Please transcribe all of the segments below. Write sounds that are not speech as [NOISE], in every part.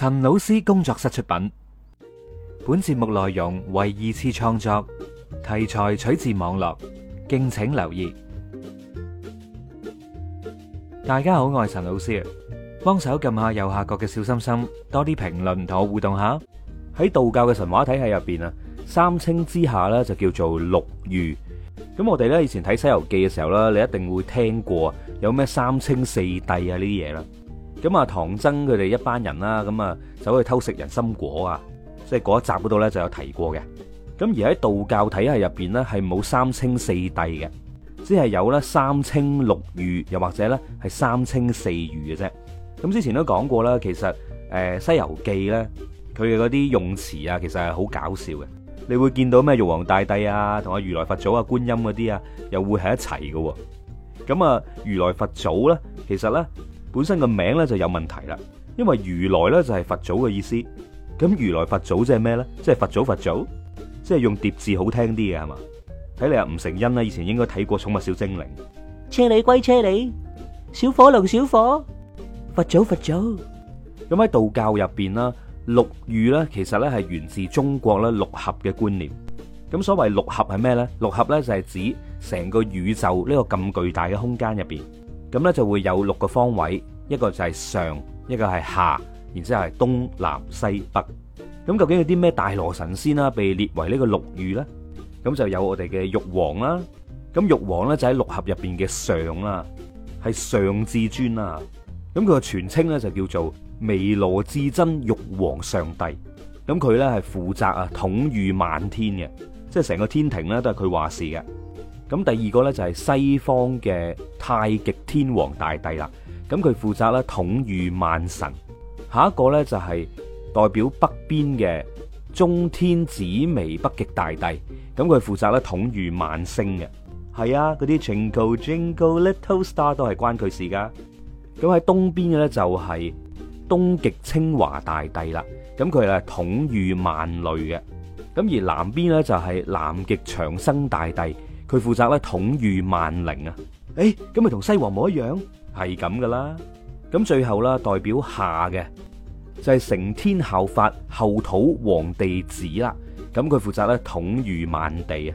陳老師工作室出品，本節目內容為二次創作，題材取自網絡，敬請留意。大家好，我係陳老師，幫手撳下右下角嘅小心心，多啲評論同我互動下。喺道教嘅神話體系入邊啊，三清之下咧就叫做六御。咁我哋呢以前睇《西遊記》嘅時候呢，你一定會聽過有咩三清四帝啊呢啲嘢啦。咁啊，唐僧佢哋一班人啦，咁啊，走去偷食人參果啊，即係嗰一集嗰度咧就有提過嘅。咁而喺道教體系入邊咧，係冇三清四帝嘅，只係有咧三清六御，又或者咧係三清四御嘅啫。咁之前都講過啦，其實誒《西遊記》咧，佢嘅嗰啲用詞啊，其實係好搞笑嘅。你會見到咩玉皇大帝啊，同阿如來佛祖啊、觀音嗰啲啊，又會喺一齊嘅。咁啊，如來佛祖咧，其實咧。本身個名咧就有問題啦，因為如來咧就係佛祖嘅意思，咁如來佛祖即係咩咧？即係佛祖佛祖，即係用疊字好聽啲嘅係嘛？睇嚟阿吳成恩啦，以前應該睇過《寵物小精靈》。車你歸車你，小火龍小火，佛祖佛祖。咁喺道教入邊啦，六御咧其實咧係源自中國咧六合嘅觀念。咁所謂六合係咩咧？六合咧就係指成個宇宙呢個咁巨大嘅空間入邊。咁咧就會有六個方位，一個就係上，一個係下，然之後係東南西北。咁究竟有啲咩大羅神仙啦，被列為個呢個六御咧？咁就有我哋嘅玉皇啦。咁玉皇咧就喺六合入面嘅上啦，係上至尊啦。咁佢嘅全稱咧就叫做彌羅至真玉皇上帝。咁佢咧係負責啊統御萬天嘅，即係成個天庭咧都係佢話事嘅。咁第二個咧就係西方嘅太極天皇大帝啦，咁佢負責咧統御萬神。下一個咧就係代表北邊嘅中天紫微北極大帝，咁佢負責咧統御萬星嘅。係啊，嗰啲 Jingle Jingle Little Star 都係關佢事噶。咁喺東邊嘅咧就係東極青華大帝啦，咁佢係統御萬類嘅。咁而南邊咧就係南極長生大帝。佢負責咧統御萬靈啊！誒，咁咪同西王母一樣，係咁噶啦。咁最後啦，代表夏嘅就係成天效法后土皇帝子啦。咁佢負責咧統御萬地啊。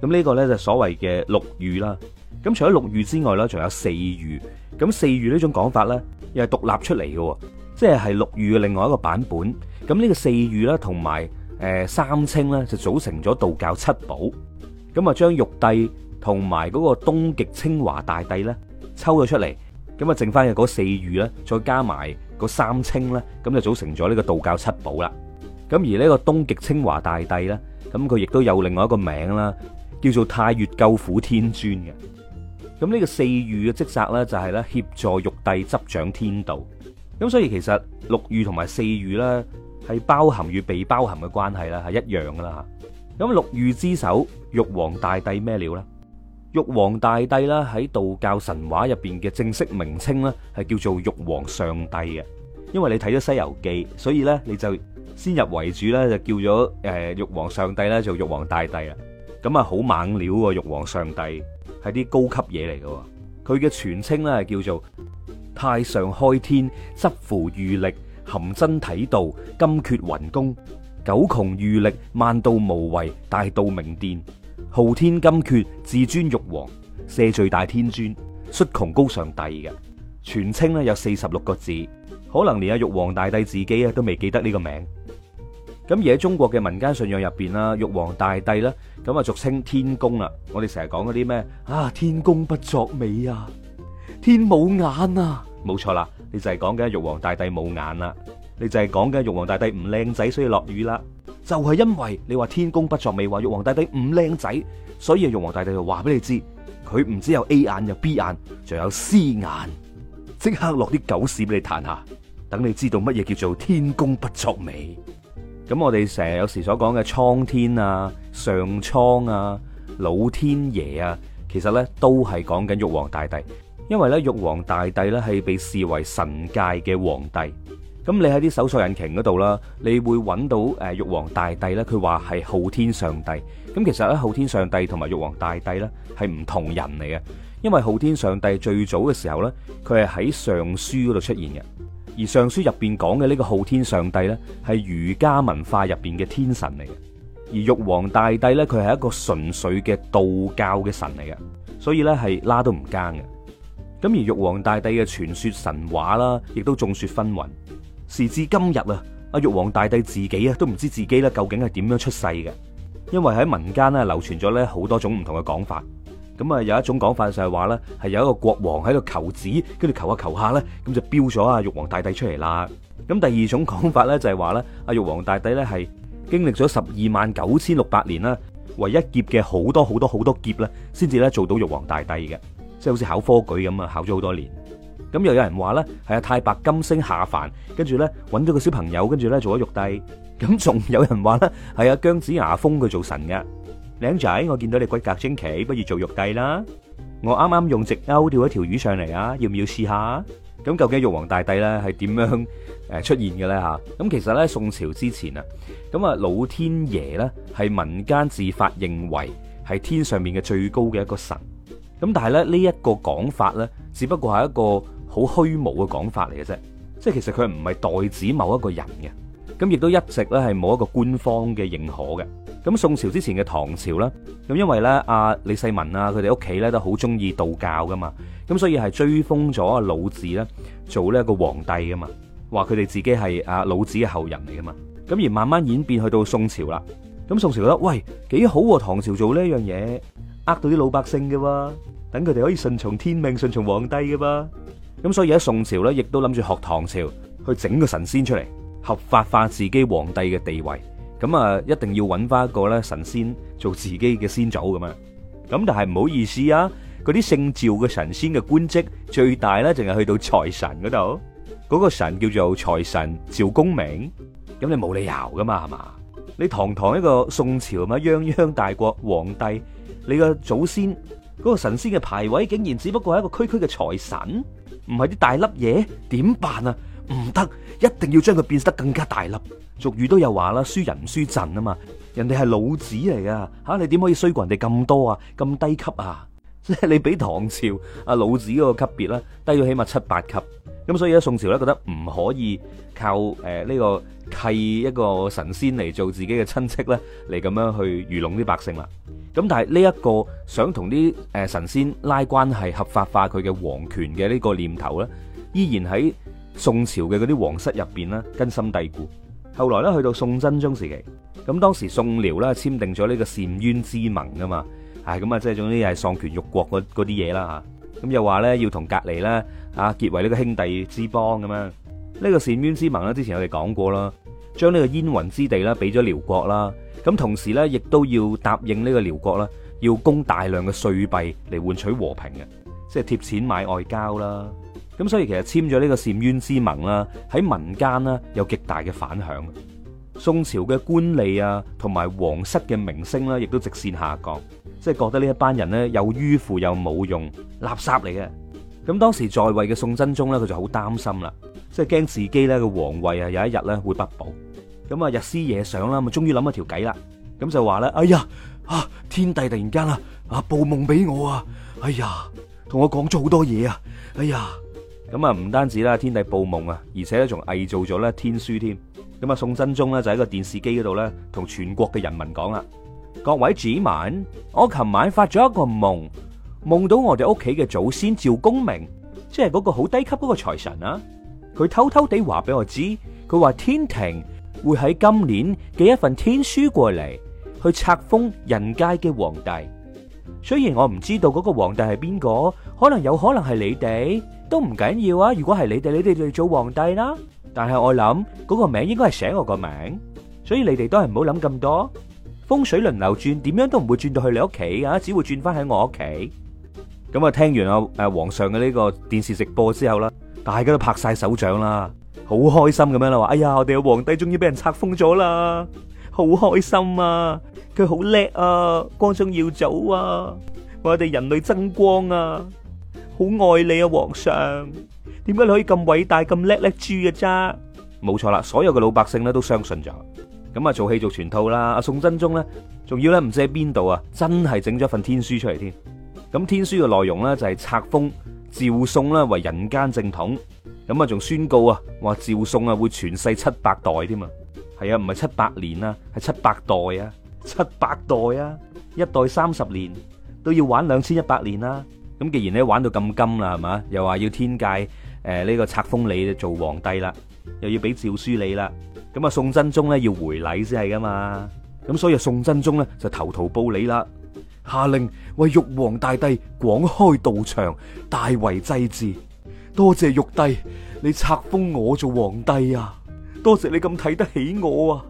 咁呢個咧就所謂嘅六御啦。咁除咗六御之外咧，仲有四御。咁四御呢種講法咧，又係獨立出嚟嘅，即係係六御嘅另外一個版本。咁呢個四御啦，同埋誒三清咧，就組成咗道教七寶。咁啊，將玉帝同埋嗰個東極清華大帝咧抽咗出嚟，咁啊，剩翻嘅嗰四御咧，再加埋個三清咧，咁就組成咗呢個道教七寶啦。咁而呢個東極清華大帝咧，咁佢亦都有另外一個名啦，叫做太乙救苦天尊嘅。咁呢個四御嘅職責咧，就係咧協助玉帝執掌天道。咁所以其實六御同埋四御呢，係包含與被包含嘅關係啦，係一樣噶啦。咁六御之首玉皇大帝咩料啦？玉皇大帝咧，喺道教神話入邊嘅正式名稱咧係叫做玉皇上帝嘅，因為你睇咗《西遊記》，所以咧你就先入為主咧就叫咗誒玉皇上帝咧做玉皇大帝喇！咁啊好猛料喎，玉皇上帝係啲高級嘢嚟嘅，佢嘅全稱咧係叫做太上開天執符御曆含真體道金闕雲宮。九窮御力，萬道無為，大道明殿，昊天金闕，至尊玉皇，赦罪大天尊，率窮高上帝嘅全稱呢，有四十六個字，可能連阿玉皇大帝自己啊都未記得呢個名。咁而喺中國嘅民間信仰入邊啦，玉皇大帝啦，咁啊俗稱天公啦，我哋成日講嗰啲咩啊天公不作美啊，天冇眼啊，冇錯啦，你就係講緊玉皇大帝冇眼啦，啊。你就係講緊玉皇大帝唔靚仔，所以落雨啦。就係因為你話天公不作美，話玉皇大帝唔靚仔，所以玉皇大帝就話俾你知，佢唔知有 A 眼，有 B 眼，仲有 C 眼，即刻落啲狗屎俾你彈下，等你知道乜嘢叫做天公不作美。咁我哋成日有時所講嘅蒼天啊、上蒼啊、老天爺啊，其實呢都係講緊玉皇大帝，因為呢，玉皇大帝呢係被視為神界嘅皇帝。咁你喺啲搜索引擎嗰度啦，你會揾到玉皇大帝呢，佢話係昊天上帝咁，其實咧昊天上帝同埋玉皇大帝呢，係唔同人嚟嘅，因為昊天上帝最早嘅時候呢，佢係喺《尚書》嗰度出現嘅。而《尚書》入面講嘅呢個昊天上帝呢，係儒家文化入面嘅天神嚟嘅，而玉皇大帝呢，佢係一個純粹嘅道教嘅神嚟嘅，所以呢係拉都唔奸嘅。咁而玉皇大帝嘅傳說神話啦，亦都眾說紛紜。時至今日啊，阿玉皇大帝自己啊都唔知自己咧究竟係點樣出世嘅，因為喺民間咧流傳咗咧好多種唔同嘅講法。咁啊有一種講法就係話呢係有一個國王喺度求子，跟住求下求下呢，咁就標咗阿玉皇大帝出嚟啦。咁第二種講法呢，就係話呢阿玉皇大帝呢係經歷咗十二萬九千六百年啦，為一劫嘅好多好多好多劫呢，先至呢做到玉皇大帝嘅，即係好似考科舉咁啊，考咗好多年。咁又有人話咧，係啊，太白金星下凡，跟住咧揾咗個小朋友，跟住咧做咗玉帝。咁仲有人話咧，係啊，姜子牙封佢做神嘅。靚仔，我見到你骨骼精奇，不如做玉帝啦。我啱啱用直鈎釣一條魚上嚟啊，要唔要試下？咁究竟玉皇大帝咧係點樣出現嘅咧？嚇，咁其實咧宋朝之前啊，咁啊老天爺咧係民間自發認為係天上面嘅最高嘅一個神。咁但係咧呢一個講法咧，只不過係一個。好虛無嘅講法嚟嘅啫，即係其實佢唔係代指某一個人嘅，咁亦都一直咧係冇一個官方嘅認可嘅。咁宋朝之前嘅唐朝啦，咁因為咧阿李世民啊，佢哋屋企咧都好中意道教噶嘛，咁所以係追封咗阿老子咧做咧一個皇帝噶嘛，話佢哋自己係阿老子嘅後人嚟噶嘛。咁而慢慢演變去到宋朝啦，咁宋朝覺得喂，幾好喎，唐朝做呢一樣嘢，呃到啲老百姓嘅喎，等佢哋可以順從天命、順從皇帝嘅噃。咁所以喺宋朝咧，亦都諗住學唐朝去整個神仙出嚟，合法化自己皇帝嘅地位。咁啊，一定要揾翻一個咧神仙做自己嘅先祖咁啊。咁但係唔好意思啊，嗰啲姓趙嘅神仙嘅官職最大咧，淨係去到財神嗰度。嗰、那個神叫做財神，趙公明。咁你冇理由噶嘛，係嘛？你堂堂一個宋朝嘛，泱泱大國皇帝，你個祖先嗰、那個神仙嘅牌位竟然只不過係一個區區嘅財神？唔係啲大粒嘢，點辦啊？唔得，一定要將佢變得更加大粒。俗語都有話啦，輸人輸陣啊嘛。人哋係老子嚟啊，吓你點可以衰過人哋咁多啊？咁低級啊！ [LAUGHS] 你俾唐朝啊老子嗰個級別啦，低咗起碼七八級。咁所以咧，宋朝咧覺得唔可以靠誒呢、呃呢個契一個神仙嚟做自己嘅親戚咧，嚟咁樣去愚弄啲百姓啦。咁但係呢一個想同啲誒神仙拉關係、合法化佢嘅皇權嘅呢個念頭呢，依然喺宋朝嘅嗰啲皇室入邊呢根深蒂固。後來呢去到宋真宗時期，咁當時宋遼呢簽訂咗呢個澶淵之盟啊嘛，唉咁啊即係總之係喪權辱國嗰啲嘢啦吓。咁又話呢要同隔籬呢啊結為呢個兄弟之邦咁樣。呢個澶淵之盟呢，之前我哋講過啦。將呢個燕雲之地啦，俾咗遼國啦，咁同時咧，亦都要答應呢個遼國啦，要供大量嘅稅幣嚟換取和平嘅，即係貼錢買外交啦。咁所以其實簽咗呢個澶淵之盟啦，喺民間呢有極大嘅反響。宋朝嘅官吏啊，同埋皇室嘅名聲啦，亦都直線下降，即係覺得呢一班人呢又迂腐又冇用，垃圾嚟嘅。咁當時在位嘅宋真宗呢，佢就好擔心啦，即係驚自己咧個皇位啊，有一日咧會不保。咁啊，日思夜想啦，咪終於諗一條計啦。咁就話咧，哎呀啊，天帝突然間啊，啊，報夢俾我啊，哎呀，同我講咗好多嘢，啊，哎呀，咁啊，唔單止啦，天帝報夢啊，而且咧仲偽造咗咧天書添。咁啊，宋真宗咧就喺個電視機嗰度咧，同全國嘅人民講啦：各位子民，我琴晚發咗一個夢，夢到我哋屋企嘅祖先趙公明，即係嗰個好低級嗰個財神啊。佢偷偷地話俾我知，佢話天庭會喺今年寄一份天書過嚟，去冊封人界嘅皇帝。雖然我唔知道嗰個皇帝係邊個，可能有可能係你哋，都唔緊要啊。如果係你哋，你哋就做皇帝啦。但係我諗嗰個名應該係寫我個名，所以你哋都係唔好諗咁多。風水輪流轉，點樣都唔會轉到去你屋企啊，只會轉翻喺我屋企。咁啊，聽完阿誒皇上嘅呢個電視直播之後啦，大家都拍晒手掌啦。好開心咁樣啦！話哎呀，我哋嘅皇帝終於俾人冊封咗啦，好開心啊！佢好叻啊，光宗耀祖啊，為我哋人類增光啊！好愛你啊，皇上！點解你可以咁偉大咁叻叻豬嘅？咋？冇錯啦，所有嘅老百姓咧都相信咗。咁啊，做戲做全套啦。阿宋真宗咧，仲要咧唔知喺邊度啊，真係整咗一份天書出嚟添。咁天書嘅內容咧就係冊封趙宋咧為人間正統。咁啊，仲宣告啊，話趙宋啊會傳世七百代添啊。係啊，唔係七百年啦，係七百代啊，七百代啊，一代三十年都要玩兩千一百年啦。咁既然你玩到咁金啦，係嘛？又話要天界誒呢、呃這個冊封你做皇帝啦，又要俾詔書你啦。咁啊，宋真宗咧要回禮先係噶嘛？咁所以宋真宗咧就投桃報李啦，下令為玉皇大帝廣開道場，大為祭祀。多謝玉帝，你冊封我做皇帝啊！多謝你咁睇得起我啊！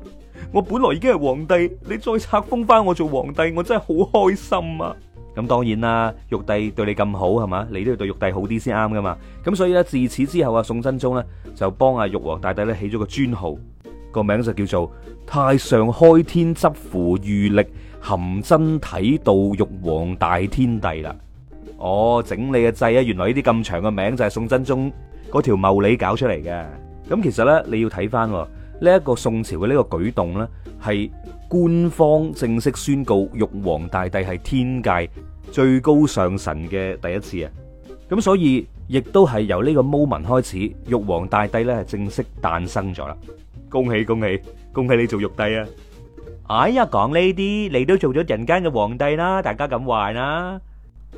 我本來已經係皇帝，你再冊封翻我做皇帝，我真係好開心啊！咁當然啦，玉帝對你咁好係嘛，你都要對玉帝好啲先啱噶嘛！咁所以呢，自此之後啊，宋真宗呢，就幫阿玉皇大帝咧起咗個尊號，個名就叫做太上開天執符御歷，含真體道玉皇大天帝啦。我整你個掣啊！原來呢啲咁長嘅名就係宋真宗嗰條茂利搞出嚟嘅。咁其實咧，你要睇翻呢一個宋朝嘅呢個舉動咧，係官方正式宣告玉皇大帝係天界最高上神嘅第一次啊！咁所以亦都係由呢個 moment 開始，玉皇大帝咧係正式誕生咗啦。恭喜恭喜恭喜你做玉帝啊！哎呀，講呢啲你都做咗人間嘅皇帝啦，大家咁話啦！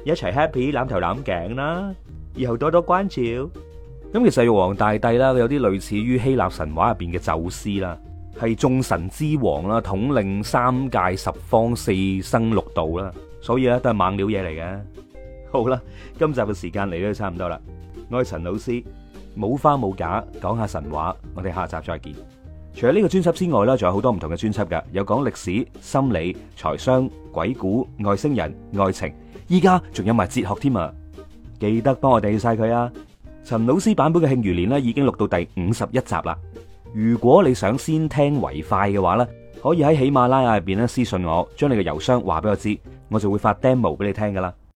一齊 happy 攬頭攬頸啦，以後多多關照。咁其實玉皇大帝啦，有啲類似於希臘神話入邊嘅宙斯啦，係眾神之王啦，統領三界十方四生六道啦，所以咧都係猛料嘢嚟嘅。好啦，今集嘅時間嚟到差唔多啦，我係陳老師，冇花冇假講下神話，我哋下集再見。除咗呢個專輯之外啦，仲有好多唔同嘅專輯㗎，有講歷史、心理、財商、鬼故、外星人、愛情。依家仲有埋哲學添啊！記得幫我訂晒佢啊！陳老師版本嘅《慶餘年》咧已經錄到第五十一集啦。如果你想先聽為快嘅話咧，可以喺喜馬拉雅入邊咧私信我，將你嘅郵箱話俾我知，我就會發 demo 俾你聽噶啦。